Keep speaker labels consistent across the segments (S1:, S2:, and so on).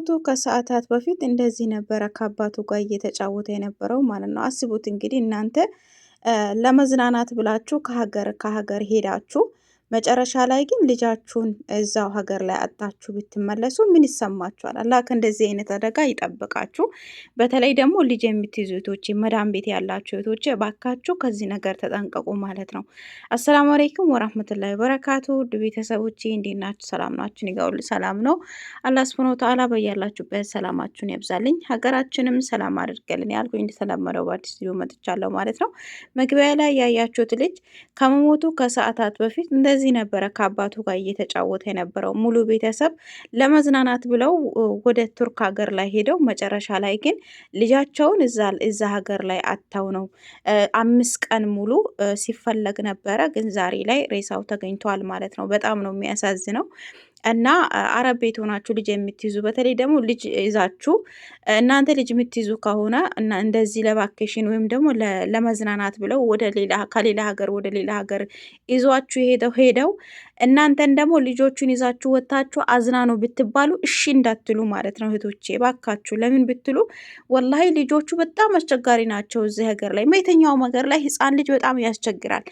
S1: አጎቱ ከሰዓታት በፊት እንደዚህ ነበረ ከአባቱ ጋር እየተጫወተ የነበረው ማለት ነው። አስቡት እንግዲህ እናንተ ለመዝናናት ብላችሁ ከሀገር ከሀገር ሄዳችሁ መጨረሻ ላይ ግን ልጃችሁን እዛው ሀገር ላይ አጣችሁ ብትመለሱ ምን ይሰማችኋል? አላህ ከእንደዚህ አይነት አደጋ ይጠብቃችሁ። በተለይ ደግሞ ልጅ የምትይዙ እህቶቼ፣ መዳም ቤት ያላችሁ እህቶቼ ባካችሁ ከዚህ ነገር ተጠንቀቁ ማለት ነው። አሰላሙ አለይኩም ወራህመቱላሂ ወበረካቱ። ውድ ቤተሰቦቼ እንዴት ናችሁ? ሰላም ናችሁ? ይጋውል ሰላም ነው። አላህ ሱብሃነሁ ወተዓላ በያላችሁበት ሰላማችሁን ያብዛልኝ፣ ሀገራችንም ሰላም አድርገልኝ ያልኩኝ እንደተለመደው በአዲስ ቪዲዮ መጥቻለሁ ማለት ነው። መግቢያ ላይ ያያችሁት ልጅ ከመሞቱ ከሰዓታት በፊት እንደ እንደዚህ ነበረ ከአባቱ ጋር እየተጫወተ የነበረው። ሙሉ ቤተሰብ ለመዝናናት ብለው ወደ ቱርክ ሀገር ላይ ሄደው መጨረሻ ላይ ግን ልጃቸውን እዛ ሀገር ላይ አጥተው ነው። አምስት ቀን ሙሉ ሲፈለግ ነበረ፣ ግን ዛሬ ላይ ሬሳው ተገኝቷል ማለት ነው። በጣም ነው የሚያሳዝነው። እና አረብ ቤት ሆናችሁ ልጅ የምትይዙ በተለይ ደግሞ ልጅ ይዛችሁ እናንተ ልጅ የምትይዙ ከሆነ እንደዚህ ለቫኬሽን ወይም ደግሞ ለመዝናናት ብለው ወደ ሌላ ከሌላ ሀገር ወደ ሌላ ሀገር ይዟችሁ ሄደው ሄደው እናንተን ደግሞ ልጆቹን ይዛችሁ ወጥታችሁ አዝናኑ ብትባሉ እሺ እንዳትሉ ማለት ነው። እህቶቼ ባካችሁ ለምን ብትሉ ወላሂ ልጆቹ በጣም አስቸጋሪ ናቸው። እዚህ ሀገር ላይ የትኛውም ሀገር ላይ ህፃን ልጅ በጣም ያስቸግራል።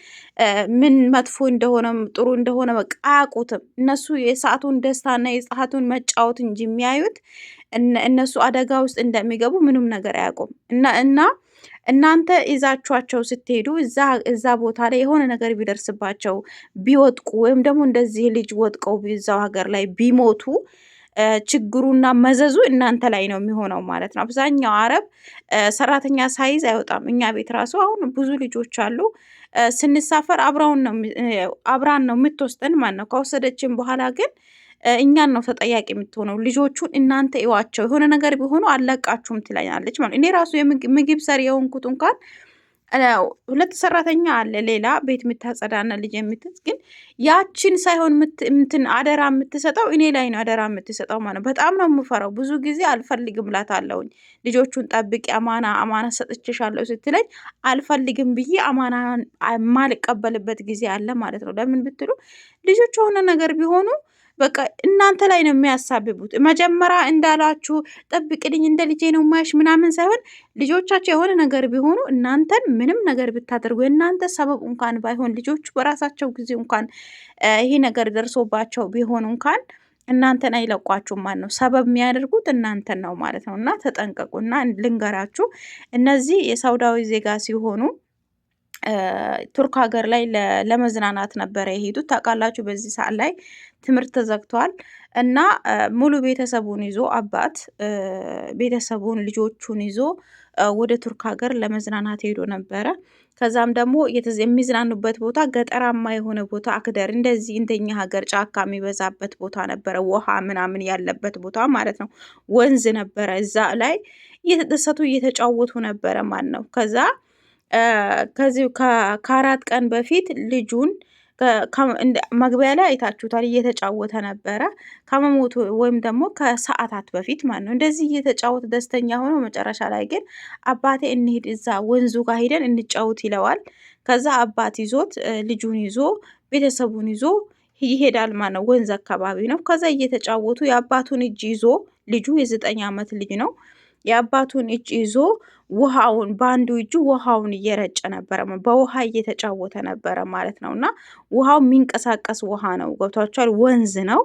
S1: ምን መጥፎ እንደሆነ ጥሩ እንደሆነ በቃ አያውቁትም። እነሱ የሰዓቱን ደስታና የሰዓቱን መጫወት እንጂ የሚያዩት እነሱ አደጋ ውስጥ እንደሚገቡ ምንም ነገር አያውቁም እና እናንተ ይዛችኋቸው ስትሄዱ እዛ ቦታ ላይ የሆነ ነገር ቢደርስባቸው ቢወጥቁ ወይም ደግሞ እንደዚህ ልጅ ወጥቀው እዛው ሀገር ላይ ቢሞቱ ችግሩና መዘዙ እናንተ ላይ ነው የሚሆነው ማለት ነው። አብዛኛው አረብ ሰራተኛ ሳይዝ አይወጣም። እኛ ቤት ራሱ አሁን ብዙ ልጆች አሉ ስንሳፈር አብራን ነው የምትወስደን ማለት ነው። ከወሰደችን በኋላ ግን እኛን ነው ተጠያቂ የምትሆነው። ልጆቹን እናንተ እዋቸው የሆነ ነገር ቢሆኑ አለቃችሁም ትለኛለች ማለት እኔ ራሱ ምግብ ሰሪ የሆንኩት እንኳን ሁለት ሰራተኛ አለ፣ ሌላ ቤት የምታጸዳና ልጅ የምትት ግን ያችን ሳይሆን ምትን አደራ የምትሰጠው እኔ ላይ ነው አደራ የምትሰጠው ማለት በጣም ነው የምፈራው። ብዙ ጊዜ አልፈልግም አለውኝ ልጆቹን ጠብቂ አማና አማና ሰጥቼሻለሁ ስትለኝ አልፈልግም ብዬ አማና የማልቀበልበት ጊዜ አለ ማለት ነው። ለምን ብትሉ ልጆች የሆነ ነገር ቢሆኑ በቃ እናንተ ላይ ነው የሚያሳብቡት። መጀመሪያ እንዳላችሁ ጠብቅልኝ፣ እንደ ልጄ ነው ማያሽ ምናምን ሳይሆን ልጆቻቸው የሆነ ነገር ቢሆኑ እናንተን ምንም ነገር ብታደርጉ የእናንተ ሰበብ እንኳን ባይሆን ልጆቹ በራሳቸው ጊዜ እንኳን ይሄ ነገር ደርሶባቸው ቢሆን እንኳን እናንተን አይለቋችሁም ማለት ነው። ሰበብ የሚያደርጉት እናንተን ነው ማለት ነው። እና ተጠንቀቁ። እና ልንገራችሁ እነዚህ የሳውዳዊ ዜጋ ሲሆኑ ቱርክ ሀገር ላይ ለመዝናናት ነበረ የሄዱት። ታውቃላችሁ በዚህ ሰዓት ላይ ትምህርት ተዘግቷል እና ሙሉ ቤተሰቡን ይዞ አባት ቤተሰቡን ልጆቹን ይዞ ወደ ቱርክ ሀገር ለመዝናናት ሄዶ ነበረ። ከዛም ደግሞ የሚዝናኑበት ቦታ ገጠራማ የሆነ ቦታ አክደር፣ እንደዚህ እንደኛ ሀገር ጫካ የሚበዛበት ቦታ ነበረ፣ ውሃ ምናምን ያለበት ቦታ ማለት ነው። ወንዝ ነበረ። እዛ ላይ እየተደሰቱ እየተጫወቱ ነበረ ማለት ነው። ከዛ ከዚህ ከአራት ቀን በፊት ልጁን መግቢያ ላይ አይታችሁታል፣ እየተጫወተ ነበረ ከመሞቱ ወይም ደግሞ ከሰዓታት በፊት ማለት ነው። እንደዚህ እየተጫወተ ደስተኛ ሆኖ መጨረሻ ላይ ግን አባቴ እንሂድ እዛ ወንዙ ጋር ሂደን እንጫወት ይለዋል። ከዛ አባት ይዞት ልጁን ይዞ ቤተሰቡን ይዞ ይሄዳል ማለት ነው። ወንዝ አካባቢ ነው። ከዛ እየተጫወቱ የአባቱን እጅ ይዞ ልጁ የዘጠኝ ዓመት ልጅ ነው የአባቱን እጅ ይዞ ውሃውን በአንዱ እጁ ውሃውን እየረጨ ነበረ። በውሃ እየተጫወተ ነበረ ማለት ነው። እና ውሃው የሚንቀሳቀስ ውሃ ነው። ገብቷችኋል? ወንዝ ነው።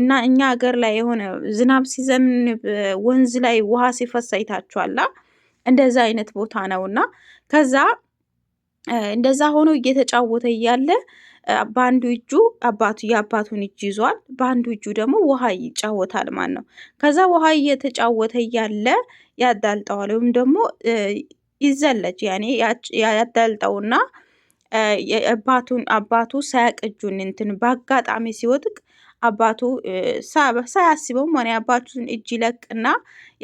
S1: እና እኛ ሀገር ላይ የሆነ ዝናብ ሲዘንብ ወንዝ ላይ ውሃ ሲፈስ አይታችኋላ? እንደዛ አይነት ቦታ ነው። እና ከዛ እንደዛ ሆኖ እየተጫወተ እያለ በአንዱ እጁ አባቱ የአባቱን እጅ ይዟል፣ በአንዱ እጁ ደግሞ ውሃ ይጫወታል ማለት ነው። ከዛ ውሃ እየተጫወተ እያለ ያዳልጠዋል ወይም ደግሞ ይዘለጅ ያኔ ያዳልጠውና አባቱን አባቱ ሳያቅ እጁን እንትን በአጋጣሚ ሲወጥቅ አባቱ ሳያስበው ማን የአባቱን እጅ ይለቅና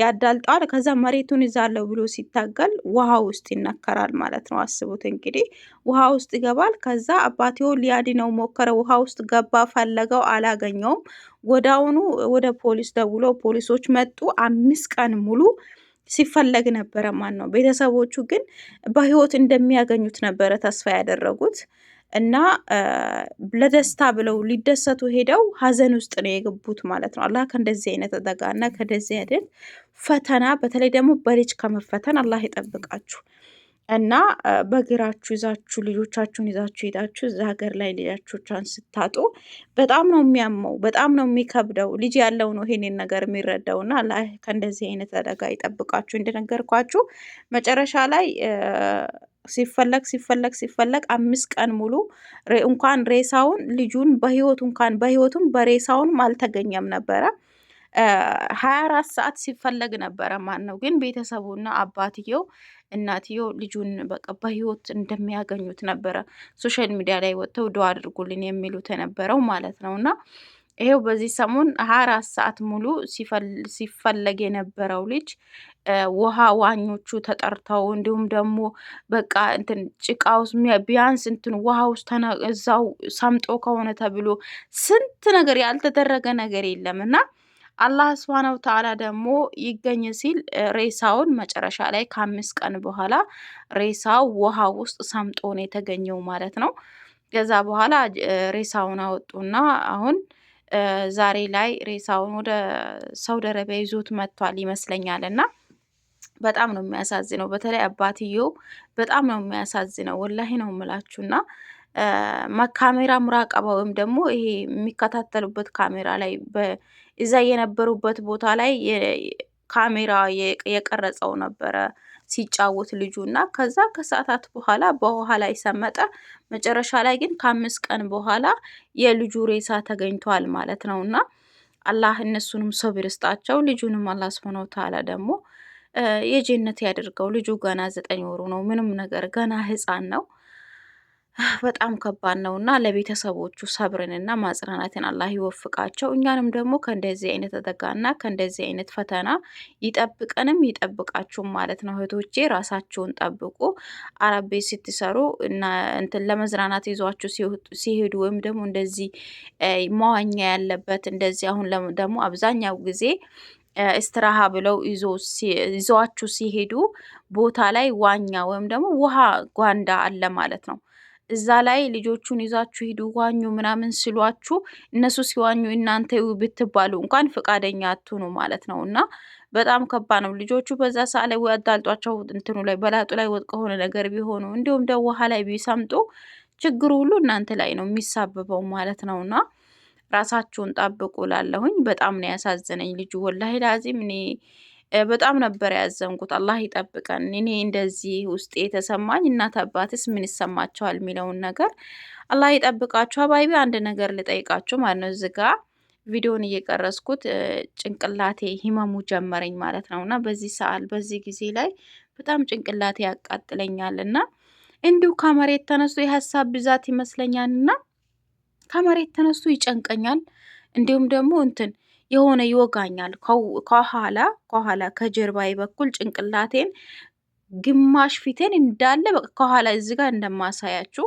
S1: ያዳልጠዋል። ከዛ መሬቱን ይዛለው ብሎ ሲታገል ውሃ ውስጥ ይነከራል ማለት ነው። አስቡት እንግዲህ ውሃ ውስጥ ይገባል። ከዛ አባቴው ሊያድነው ሞከረ። ውሃ ውስጥ ገባ፣ ፈለገው፣ አላገኘውም። ወዳውኑ ወደ ፖሊስ ደውሎ ፖሊሶች መጡ። አምስት ቀን ሙሉ ሲፈለግ ነበረ። ማን ነው ቤተሰቦቹ ግን በህይወት እንደሚያገኙት ነበረ ተስፋ ያደረጉት። እና ለደስታ ብለው ሊደሰቱ ሄደው ሀዘን ውስጥ ነው የገቡት ማለት ነው። አላህ ከእንደዚህ አይነት አደጋ እና ከደዚህ አይነት ፈተና በተለይ ደግሞ በልጅ ከመፈተን አላህ ይጠብቃችሁ እና በግራችሁ ይዛችሁ ልጆቻችሁን ይዛችሁ ሄዳችሁ እዛ ሀገር ላይ ልጃችሁቻን ስታጡ በጣም ነው የሚያመው፣ በጣም ነው የሚከብደው። ልጅ ያለው ነው ይሄንን ነገር የሚረዳው እና ከእንደዚህ አይነት አደጋ ይጠብቃችሁ። እንደነገርኳችሁ መጨረሻ ላይ ሲፈለግ ሲፈለግ ሲፈለግ አምስት ቀን ሙሉ እንኳን ሬሳውን ልጁን በህይወቱ እንኳን በህይወቱም በሬሳውንም አልተገኘም ነበረ። ሀያ አራት ሰዓት ሲፈለግ ነበረ ማለት ነው። ግን ቤተሰቡና አባትየው እናትየው ልጁን በቃ በህይወት እንደሚያገኙት ነበረ ሶሻል ሚዲያ ላይ ወጥተው ድዋ አድርጉልን የሚሉት የነበረው ማለት ነው እና ይሄው በዚህ ሰሞን ሀያ አራት ሰዓት ሙሉ ሲፈለግ የነበረው ልጅ ውሃ ዋኞቹ ተጠርተው እንዲሁም ደግሞ በቃ እንትን ጭቃ ውስጥ ቢያንስ እንትን ውሃ ውስጥ እዛው ሰምጦ ከሆነ ተብሎ ስንት ነገር ያልተደረገ ነገር የለም እና አላህ ስብሃነሁ ተዓላ ደግሞ ይገኝ ሲል ሬሳውን መጨረሻ ላይ ከአምስት ቀን በኋላ ሬሳው ውሃ ውስጥ ሰምጦ ነው የተገኘው ማለት ነው። ከዛ በኋላ ሬሳውን አወጡና አሁን ዛሬ ላይ ሬሳውን ወደ ሳውዲ አረቢያ ይዞት መጥቷል ይመስለኛል እና በጣም ነው የሚያሳዝነው። በተለይ አባትየው በጣም ነው የሚያሳዝነው። ወላሂ ነው የምላችሁና ካሜራ ምራቀባ ወይም ደግሞ ይሄ የሚከታተሉበት ካሜራ ላይ እዛ የነበሩበት ቦታ ላይ ካሜራ የቀረጸው ነበረ። ሲጫወት ልጁ እና ከዛ ከሰዓታት በኋላ በውሃ ላይ ሰመጠ። መጨረሻ ላይ ግን ከአምስት ቀን በኋላ የልጁ ሬሳ ተገኝቷል ማለት ነው እና አላህ እነሱንም ሰብር ስጣቸው። ልጁንም አላህ ስብሐነ ወተዓላ ደግሞ የጀነት ያድርገው። ልጁ ገና ዘጠኝ ወሩ ነው። ምንም ነገር ገና ህፃን ነው። በጣም ከባድ ነው እና ለቤተሰቦቹ ሰብርንና ማጽናናትን አላህ ይወፍቃቸው። እኛንም ደግሞ ከእንደዚህ አይነት አደጋና ከእንደዚህ አይነት ፈተና ይጠብቀንም ይጠብቃችሁም ማለት ነው። እህቶቼ ራሳችሁን ጠብቁ። አረብ ቤት ስትሰሩ እና እንትን ለመዝናናት ይዟችሁ ሲሄዱ ወይም ደግሞ እንደዚህ መዋኛ ያለበት እንደዚህ አሁን ደግሞ አብዛኛው ጊዜ እስትራሃ ብለው ይዘዋችሁ ሲሄዱ ቦታ ላይ ዋኛ ወይም ደግሞ ውሃ ጓንዳ አለ ማለት ነው። እዛ ላይ ልጆቹን ይዛችሁ ሂዱ ዋኙ ምናምን ስሏችሁ እነሱ ሲዋኙ እናንተ ብትባሉ እንኳን ፍቃደኛ አትሁኑ ማለት ነው። እና በጣም ከባድ ነው። ልጆቹ በዛ ሰዓት ላይ ወይ አዳልጧቸው እንትኑ ላይ በላጡ ላይ ወጥ ከሆነ ነገር ቢሆኑ እንዲሁም ደግሞ ውሃ ላይ ቢሰምጡ ችግሩ ሁሉ እናንተ ላይ ነው የሚሳብበው ማለት ነው እና ራሳችሁን ጠብቁ ላለሁኝ በጣም ነው ያሳዘነኝ ልጁ ወላሂ ላዚም እኔ በጣም ነበር ያዘንኩት። አላህ ይጠብቀን። እኔ እንደዚህ ውስጤ የተሰማኝ እናት አባትስ ምን ይሰማቸዋል የሚለውን ነገር አላህ ይጠብቃችሁ። አባይቢ አንድ ነገር ልጠይቃችሁ ማለት ነው እዚህ ጋ ቪዲዮን እየቀረስኩት ጭንቅላቴ ህመሙ ጀመረኝ ማለት ነው። እና በዚህ ሰዓት በዚህ ጊዜ ላይ በጣም ጭንቅላቴ ያቃጥለኛል እና እንዲሁ ከመሬት ተነስቶ የሀሳብ ብዛት ይመስለኛል እና ከመሬት ተነስቶ ይጨንቀኛል። እንዲሁም ደግሞ እንትን የሆነ ይወጋኛል። ከኋላ ከኋላ ከጀርባዬ በኩል ጭንቅላቴን ግማሽ ፊቴን እንዳለ ከኋላ እዚ ጋር እንደማሳያችሁ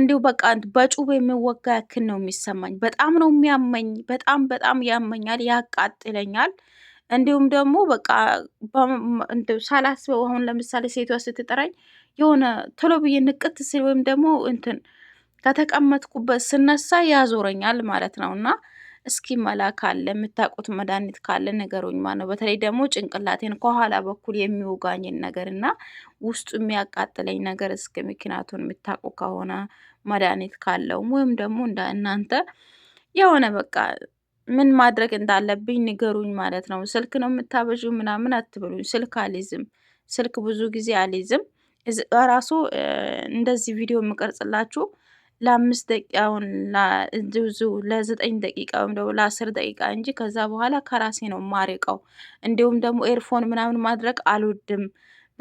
S1: እንዲሁ በቃ በጩቤ የሚወጋ ያክል ነው የሚሰማኝ። በጣም ነው የሚያመኝ። በጣም በጣም ያመኛል፣ ያቃጥለኛል። እንዲሁም ደግሞ በቃ ሳላስበው አሁን ለምሳሌ ሴቷ ስትጠራኝ የሆነ ቶሎ ብዬ ንቅት ስል ወይም ደግሞ እንትን ከተቀመጥኩበት ስነሳ ያዞረኛል ማለት ነው እና እስኪ መላ ካለ የምታውቁት መድኃኒት ካለ ንገሩኝ ማለት ነው። በተለይ ደግሞ ጭንቅላቴን ከኋላ በኩል የሚወጋኝን ነገር እና ውስጡ የሚያቃጥለኝ ነገር እስኪ ምክንያቱን የምታውቁ ከሆነ መድኃኒት ካለውም ወይም ደግሞ እናንተ የሆነ በቃ ምን ማድረግ እንዳለብኝ ንገሩኝ ማለት ነው። ስልክ ነው የምታበዡ ምናምን አትብሉኝ። ስልክ አልይዝም፣ ስልክ ብዙ ጊዜ አልይዝም። ራሱ እንደዚህ ቪዲዮ የምቀርጽላችሁ ለአምስት ደቂቃውን ዙ ለዘጠኝ ደቂቃ ወይም ደግሞ ለአስር ደቂቃ እንጂ ከዛ በኋላ ከራሴ ነው ማርቀው። እንዲሁም ደግሞ ኤርፎን ምናምን ማድረግ አልወድም፣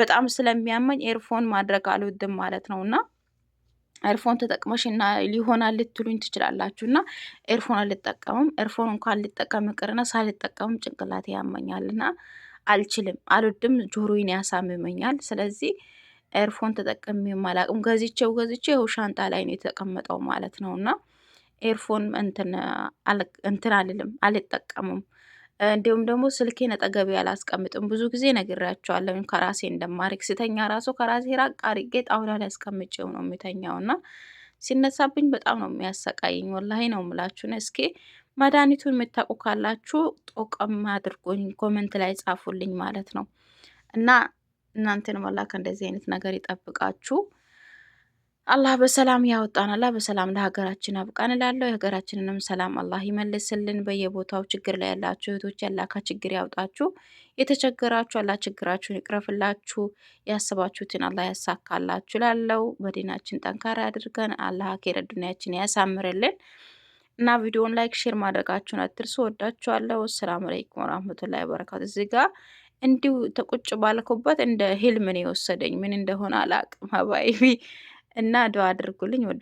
S1: በጣም ስለሚያመኝ ኤርፎን ማድረግ አልወድም ማለት ነው። እና ኤርፎን ተጠቅመሽ እና ሊሆናል ልትሉኝ ትችላላችሁ። እና ኤርፎን አልጠቀምም። ኤርፎን እንኳን ልጠቀም ቅርና ሳልጠቀምም ጭንቅላቴ ያመኛልና አልችልም፣ አልወድም። ጆሮዬን ያሳምመኛል። ስለዚህ ኤርፎን ተጠቅሜ አላቅም። ገዝቼው ገዝቼው ይኸው ሻንጣ ላይ ነው የተቀመጠው ማለት ነው። እና ኤርፎን እንትን አልልም አልጠቀምም። እንዲሁም ደግሞ ስልኬን አጠገቤ አላስቀምጥም። ብዙ ጊዜ ነግራቸዋለሁ ከራሴ እንደማርግ ስተኛ ራሱ ከራሴ ራቅ አርጌ ጣውላ ላይ አስቀምጬው ነው የሚተኛው እና ሲነሳብኝ በጣም ነው የሚያሰቃየኝ። ወላሂ ነው የምላችሁን። እስኪ መድኃኒቱን የምታውቁ ካላችሁ ጦቅም አድርጎኝ ኮመንት ላይ ጻፉልኝ ማለት ነው እና እናንተን መላክ እንደዚህ አይነት ነገር ይጠብቃችሁ። አላህ በሰላም ያወጣን፣ አላህ በሰላም ለሀገራችን አብቃን እላለሁ። የሀገራችንንም ሰላም አላህ ይመልስልን። በየቦታው ችግር ላይ ያላችሁ እህቶች ያላካ ችግር ያውጣችሁ። የተቸገራችሁ አላህ ችግራችሁን ይቅረፍላችሁ። ያስባችሁትን አላህ ያሳካላችሁ ላለው በዲናችን ጠንካራ አድርገን አላህ አኼረ ዱንያችን ያሳምርልን እና ቪዲዮውን ላይክ፣ ሼር ማድረጋችሁን አትርሱ። ወዳችኋለሁ። ሰላም አለይኩም ወራህመቱላሂ ወበረካቱ። እዚህ ጋር እንዲሁ ተቁጭ ባልኩበት እንደ ህልም የወሰደኝ። ምን እንደሆነ አላቅም ሀባይቢ እና ዱአ አድርጉልኝ ወደ